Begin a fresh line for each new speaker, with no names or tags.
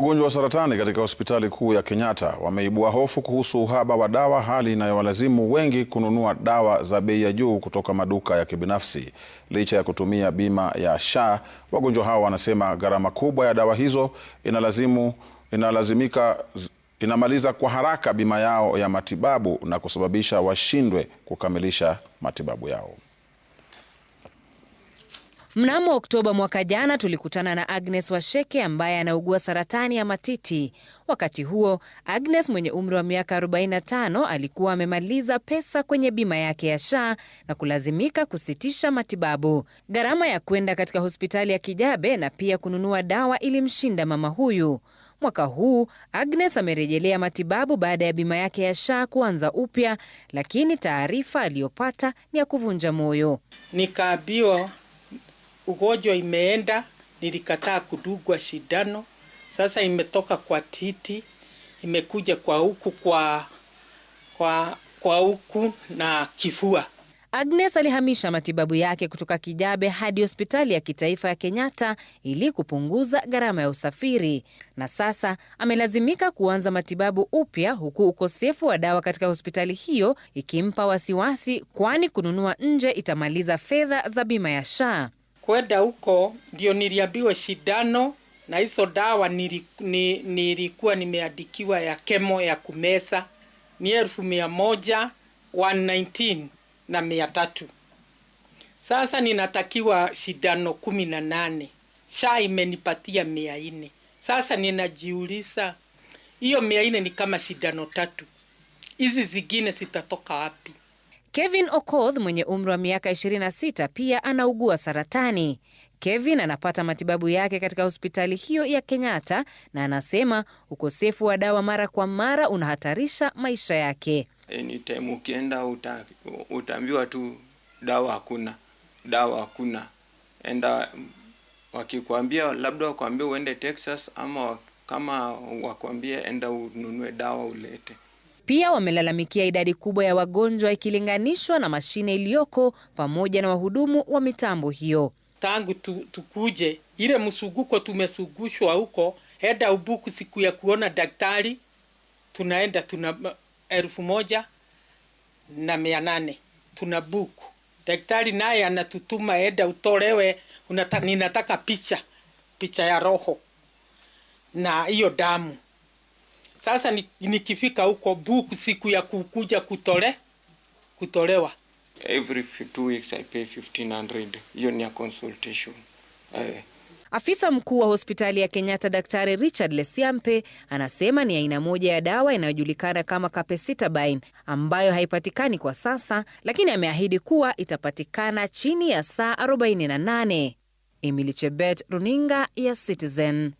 Wagonjwa wa saratani katika hospitali kuu ya Kenyatta wameibua hofu kuhusu uhaba wa dawa, hali inayowalazimu wengi kununua dawa za bei ya juu kutoka maduka ya kibinafsi. Licha ya kutumia bima ya SHA, wagonjwa hao wanasema gharama kubwa ya dawa hizo inalazimu, inalazimika, inamaliza kwa haraka bima yao ya matibabu na kusababisha washindwe kukamilisha matibabu yao.
Mnamo Oktoba mwaka jana tulikutana na Agnes Washeke ambaye anaugua saratani ya matiti. Wakati huo Agnes mwenye umri wa miaka 45 alikuwa amemaliza pesa kwenye bima yake ya SHA na kulazimika kusitisha matibabu. Gharama ya kwenda katika hospitali ya Kijabe na pia kununua dawa ilimshinda mama huyu. Mwaka huu Agnes amerejelea matibabu baada ya bima yake ya SHA kuanza upya, lakini taarifa aliyopata ni ya kuvunja moyo.
Nikaambiwa ugonjwa imeenda, nilikataa kudugwa shindano. Sasa imetoka kwa titi, imekuja kwa huku kwa kwa kwa huku na kifua.
Agnes alihamisha matibabu yake kutoka Kijabe hadi hospitali ya kitaifa ya Kenyatta ili kupunguza gharama ya usafiri, na sasa amelazimika kuanza matibabu upya, huku ukosefu wa dawa katika hospitali hiyo ikimpa wasiwasi, kwani kununua nje itamaliza fedha za bima ya SHA
kwenda huko ndio niliambiwa shindano na hizo dawa nilikuwa ni, nilikuwa nimeandikiwa ya kemo ya kumeza ni elfu mia moja 119 na mia tatu. Sasa ninatakiwa shindano kumi na nane sha imenipatia mia nne. Sasa ninajiuliza hiyo mia nne ni kama shindano tatu, hizi zingine zitatoka wapi?
Kevin Okoth mwenye umri wa miaka 26 pia anaugua saratani. Kevin anapata matibabu yake katika hospitali hiyo ya Kenyatta na anasema ukosefu wa dawa mara kwa mara unahatarisha maisha yake.
Anytime ukienda uta, utaambiwa tu dawa hakuna, dawa hakuna. Enda uh, wakikwambia labda wakuambia uende Texas ama kama wakuambia enda ununue dawa ulete.
Pia wamelalamikia idadi kubwa ya wagonjwa ikilinganishwa na mashine iliyoko pamoja na wahudumu wa mitambo hiyo.
Tangu tu, tukuje ile msuguko tumesugushwa huko heda ubuku, siku ya kuona daktari tunaenda tuna elfu moja na mia nane tuna buku daktari naye anatutuma heda utolewe unata, ninataka picha picha ya roho na hiyo damu sasa nikifika huko book siku ya kukuja kutole kutolewa,
every two weeks I pay 1500 hiyo ni a consultation eh.
Afisa mkuu wa hospitali ya Kenyatta Daktari Richard Lesiampe anasema ni aina moja ya dawa inayojulikana kama capecitabine ambayo haipatikani kwa sasa, lakini ameahidi kuwa itapatikana chini ya saa 48. Emily Chebet, runinga ya Citizen.